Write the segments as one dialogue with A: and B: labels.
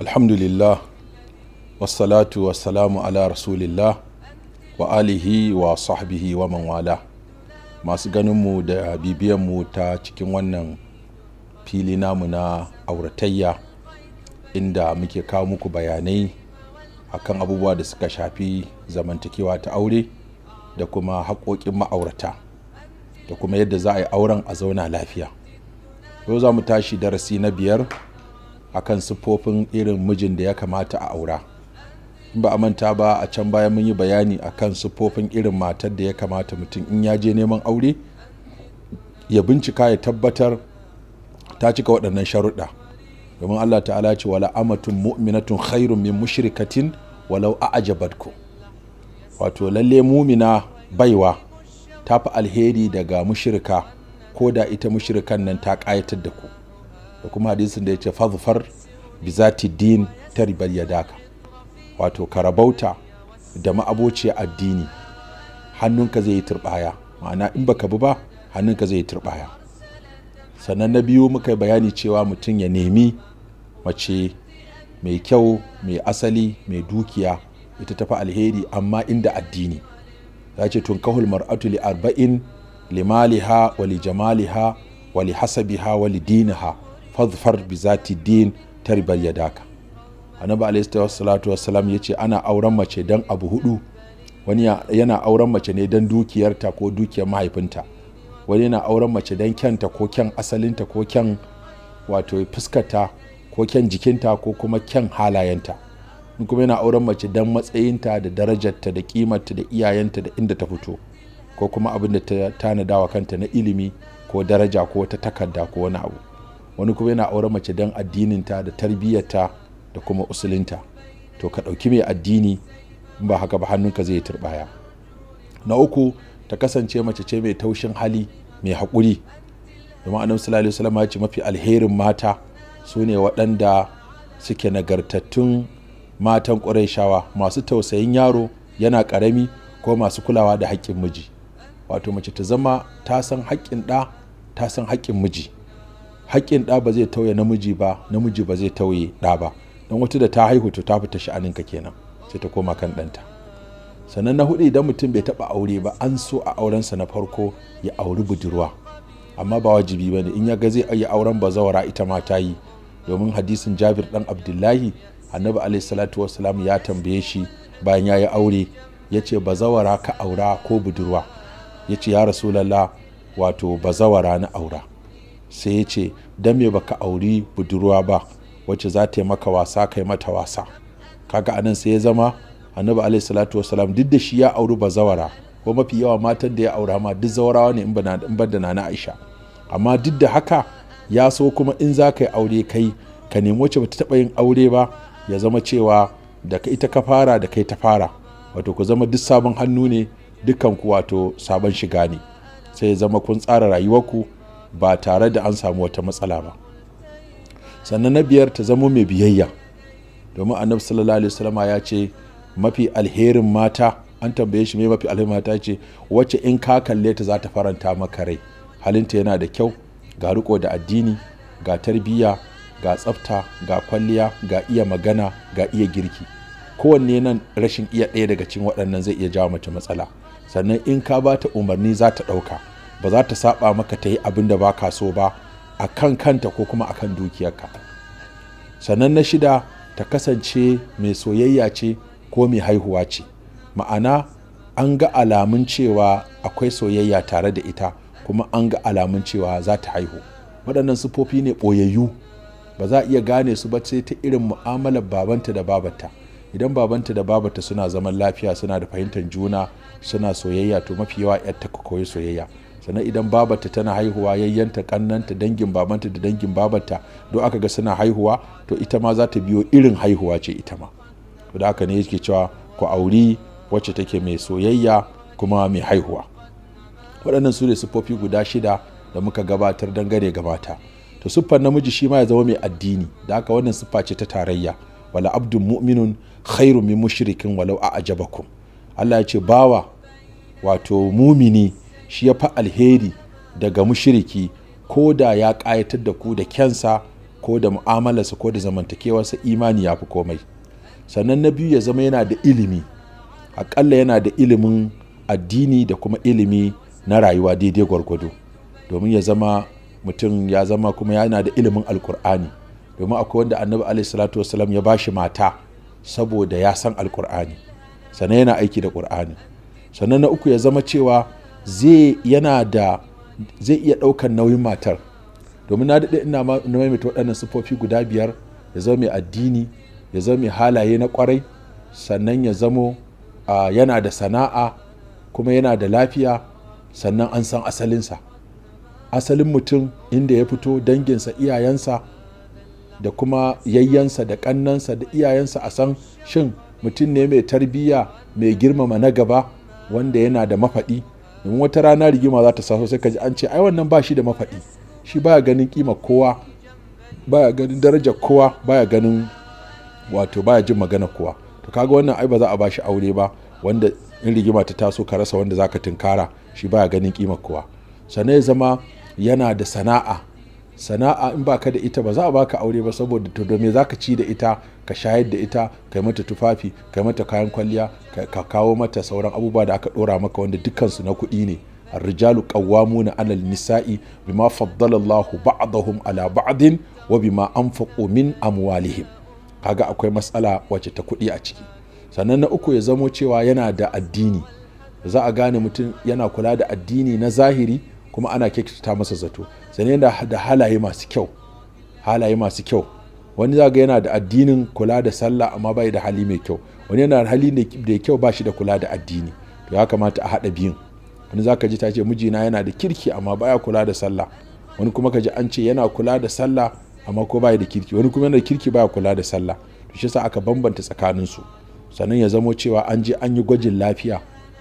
A: alhamdulillah wassalatu wassalamu ala rasulillah wa alihi wa sahbihi wa manwala masu ganinmu da bibiyanmu ta cikin wannan fili namu na auratayya inda muke kawo muku bayanai akan abubuwa da suka shafi zamantakewa ta aure da kuma haƙoƙin ma'aurata da kuma yadda za a yi auren a zauna lafiya yau za mu tashi darasi na biyar akan siffofin irin mijin da ya kamata a aura in ba a manta ba a can baya mun yi bayani akan siffofin irin matar da ya kamata mutum in ya je neman aure ya bincika ya tabbatar ta cika waɗannan sharuɗa domin Allah ta'ala ce wala amatun mu'minatun khairun min mushrikatin walau ajabatku wato lalle mumina baiwa ta fi alheri daga mushirka ko da ita mushirkan nan ta ƙayatar da ku da kuma hadisin da ya ce fazfar bizati din ta ribar daka. wato karabauta da ma'aboci addini hannunka zai yi turbaya ma'ana in baka bi ba hannunka zai yi turbaya sannan na biyu muka bayani cewa mutum ya nemi mace mai kyau mai asali mai dukiya ita tafi alheri amma inda addini ya ce tun kahul mar'atu li arba'in limaliha wali li jamaliha wa li hasabiha wa li diniha fadfar bi zati din tarbar yadaka annabi alaihi salatu wassalam ya ce ana auren mace dan abu hudu wani yana auren mace ne dan dukiyarta ko dukiyar mahaifinta wani yana auren mace dan kyanta ko kyan asalinta ko kyan wato fuskarta ko kyan jikinta ko kuma kyan halayenta in kuma yana auren mace dan matsayinta da darajarta da kimarta da iyayenta da inda ta fito ko kuma abin da ta tanada wa kanta na ilimi ko daraja ko wata takarda ko wani abu wani kuma yana auren mace dan addininta da tarbiyyarta da kuma usulinta to ka ɗauki mai addini in ba haka ba hannunka zai turbaya na uku ta kasance mace ce mai taushin hali mai haƙuri domin annabi sallallahu alaihi wasallam ya ce mafi alherin mata su ne waɗanda suke nagartattun matan shawa masu tausayin yaro yana ƙarami ko masu kulawa da haƙƙin miji wato mace ta zama ta san haƙƙin ɗa ta san haƙƙin miji haƙƙin ɗa ba zai tauye namiji ba namiji ba zai tauye ɗa ba don wata da ta haihu to ta fita sha'aninka kenan sai ta koma kan ɗanta sannan na hudu idan mutum bai taɓa aure ba an so a aurensa na farko ya auri budurwa amma ba wajibi ba ne in ya ga zai yi auren bazawara ita ma ta yi domin hadisin jabir ɗan abdullahi annabi alaihi salatu salam ya tambaye shi bayan ya yi aure ya ce bazawara ka aura ko budurwa ya ce ya rasulallah wato bazawara na aura sai ya ce don me baka auri budurwa ba wacce za ta yi maka wasa kai mata wasa kaga anan sai ya zama annabi alaihi salatu wasalam duk da shi ya auri bazawara ko mafi yawa matan da ya aura ma duk zawarawa ne in ban da na aisha amma duk da haka ya so kuma in za ka yi aure kai ka nemi wacce ba ta taɓa yin aure ba ya zama cewa da ka ita ka fara da kai ta fara wato ku zama duk sabon hannu ne dukkan ku wato sabon shiga ne sai ya zama kun tsara rayuwarku ba tare da an samu wata matsala ba sannan na biyar ta zama mai biyayya domin annabi sallallahu alaihi wasallam ya ce mafi alherin mata an tambaye shi mai mafi alherin mata ce wacce in ka kalle ta za ta faranta maka rai halinta yana da kyau ga riko da addini ga tarbiyya ga tsafta ga kwalliya ga iya magana ga iya girki kowanne nan rashin iya ɗaya daga cikin waɗannan zai iya jawo mace matsala sannan in ka ba ta umarni za ta ɗauka ba za ta saɓa maka ta yi abin da ba ka so ba a kan kanta ko kuma a kan dukiyarka sannan na shida ta kasance mai soyayya ce ko mai haihuwa ce ma'ana an ga alamun cewa akwai soyayya tare da ita kuma an ga alamun cewa za ta haihu waɗannan sufofi ne ɓoyayyu ba za a iya gane su ba sai ta irin mu'amalar babanta da babata idan babanta da babata suna zaman lafiya suna da fahimtar juna suna soyayya to mafi yawa yar ta koyi soyayya sannan idan babata tana haihuwa yayyanta kannanta dangin babanta da dangin babata don aka ga suna haihuwa to ita ma za ta biyo irin haihuwa ce ita ma to da haka ne yake cewa ku auri wacce take mai soyayya kuma mai haihuwa waɗannan su ne siffofi guda shida da muka gabatar dangane ga mata to siffar namiji shi ma ya zama mai addini da aka wannan siffa ce ta tarayya wala abdun mu'minun khairu min mushrikin walau a ajabakum Allah ya ce bawa wato mumini shi ya fa alheri daga mushiriki ko da ya ƙayatar da ku da kyansa ko da mu'amalarsa ko da sa, imani ya fi komai sannan na biyu ya zama yana da ilimi Akalla yana da ilimin addini da kuma ilimi na rayuwa daidai gwargwado domin ya zama mutum ya zama kuma yana da ilimin alkur'ani domin akwai wanda annabi alaihi salatu wasalam ya bashi mata saboda ya san alkur'ani sannan yana aiki da ƙur'ani sannan na uku ya zama cewa zai yana da iya ɗaukar nauyin matar domin na daɗe ina maimaita waɗannan siffofi guda biyar ya zama mai addini ya zama mai halaye na kwarai sannan ya zamo ah, yana da sana'a kuma yana da lafiya sannan an san asalinsa asalin mutum inda ya fito danginsa iyayensa da kuma yayyansa da kannansa da iyayensa a san shin mutum ne mai tarbiyya mai girmama na gaba wanda yana da mafaɗi domin wata rana rigima za ta saso sai ka ji an ce ai wannan ba shi da mafaɗi shi ba ya ganin kima kowa ba ya ganin darajar kowa ba ya ganin wato ba ya jin magana kowa to kaga wannan ai ba za a ba shi aure ba wanda in rigima ta taso ka rasa wanda za ka tunkara shi ba ya ganin kima kowa sannan ya zama yana da sana'a sana'a in baka da ita ba za a baka aure ba saboda to me zaka ci da ita ka shayar da ita kai mata tufafi kai mata kayan kwalliya ka kawo mata sauran abubuwa da aka dora maka wanda dukkansu na kuɗi ne الرجال قوامون على النساء بما فضل الله بعضهم على بعض وبما أنفقوا من أموالهم kaga akwai matsala wacce ta kuɗi a ciki sannan na uku ya zamo cewa yana da addini za a gane mutum yana kula da addini na zahiri kuma ana ta masa zato Sani yana da halaye masu kyau halaye masu kyau wani za ga yana da addinin kula da sallah amma bai da hali mai kyau wani yana da hali da kyau ba shi da kula da addini to ya kamata a haɗa biyun wani za ka ji ta ce mijina yana da kirki amma baya kula da sallah wani kuma ka ji an ce yana kula da sallah amma ko baya da kirki wani kuma yana da kirki baya kula da sallah to shi yasa aka bambanta tsakaninsu sannan ya zamo cewa an je an yi gwajin lafiya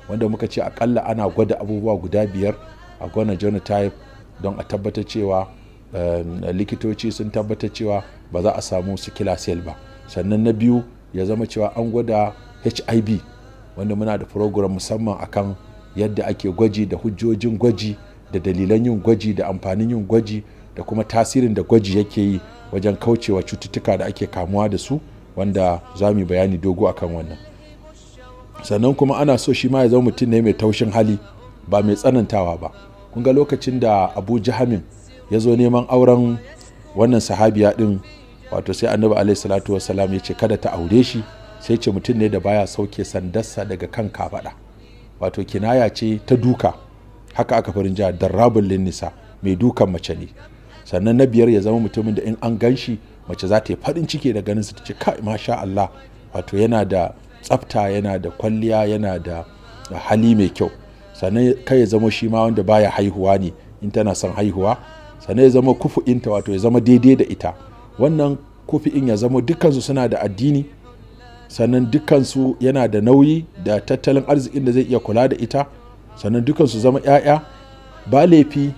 A: wanda muka ce akalla ana gwada abubuwa guda biyar a gona genotype don a tabbatar cewa um, likitoci sun tabbatar cewa ba za a samu sikila cell ba sannan na biyu ya zama cewa an gwada hiv wanda muna da program musamman akan yadda ake gwaji da hujjojin gwaji da dalilan yin gwaji da amfanin yin gwaji da kuma tasirin da gwaji yake yi wajen kaucewa cututtuka da ake kamuwa da su wanda za mu bayani dogo akan wannan sannan kuma ana so shi ma ya zama mutum ne mai taushin hali ba mai tsanantawa ba kun ga lokacin da abu jahamin ya zo neman auren wannan sahabiya din wato sai annabi alaihi salatu wasalam ya ce kada ta aure shi sai ce mutum ne da baya sauke sandarsa daga kan kafaɗa wato kinaya ce ta duka haka aka farin jihar darrabin linnisa mai dukan mace ne sannan na biyar ya zama mutumin da in an gan shi mace za ta yi farin ciki da ganin su ta ce kai masha Allah wato yana da tsafta yana da kwalliya yana da hali mai kyau sannan kai ya zama shi ma wanda baya haihuwa ne in tana son haihuwa sannan ya zama kufu'inta wato ya zama daidai da ita wannan kufi'in ya zama dukansu suna da addini sannan dukansu yana da nauyi da tattalin arzikin da zai iya kula da ita sannan dukansu zama 'ya'ya ba laifi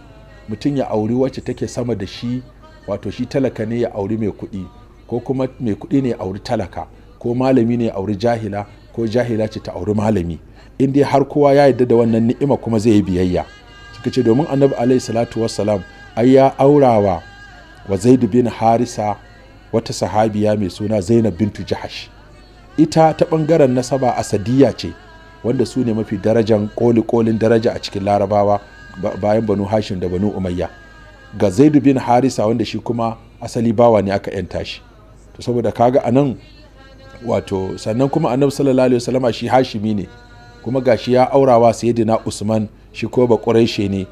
A: mutum ya auri wacce take sama da shi wato shi talaka ne ya auri mai kuɗi ko kuma mai kuɗi ne ya auri talaka ko malami ne ya auri jahila ko jahila ce ta auri malami in dai har kowa ya yarda da wannan ni'ima kuma zai yi biyayya suka ce domin annabi alaihi salatu wassalam ai ya aurawa wa zaid bin harisa wata sahabiya mai suna zainab bintu jahash ita ta bangaren nasaba asadiya ce wanda su ne mafi darajan koli kolin daraja a cikin larabawa bayan banu hashim da banu umayya ga zaid bin harisa wanda shi kuma asali bawa ne aka yanta shi to saboda kaga anan wato sannan kuma annabi sallallahu alaihi wasallama shi hashimi ne kuma gashi ya aurawa sayyidina usman shi ko ba quraishe ne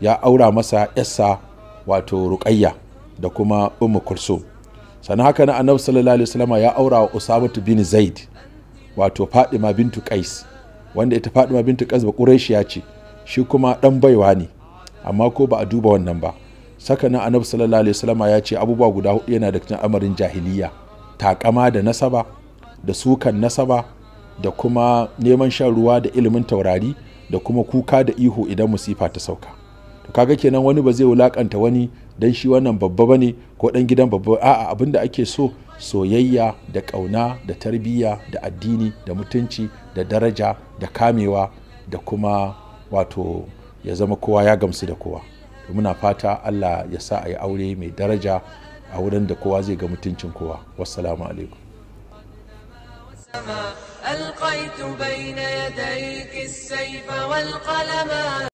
A: ya aura masa yassa wato ruqayya da kuma ummu kulsum sannan haka na annabi sallallahu alaihi wasallama ya aura wa usama bin zaid wato fadima bintu qais wanda ita fadima bintu qais ba ya ce shi kuma dan baiwa ne amma ko ba a duba wannan ba saka nan annabi sallallahu alaihi wasallama ya ce abubuwa guda hudu yana da cikin amarin jahiliya takama da nasaba da sukan nasaba da kuma neman shan ruwa da ilimin taurari da kuma kuka da ihu idan musifa ta sauka to kaga kenan wani ba zai wulakanta wani dan shi wannan babba bane ko dan gidan babba a'a abin da ake so soyayya da kauna da tarbiyya da addini da mutunci da daraja da kamewa da kuma wato ya zama kowa ya gamsu da kowa to muna fata Allah ya sa a yi aure mai daraja a wurin da kowa zai ga mutuncin kowa wassalamu alaikum ألقيت بين يديك السيف والقلم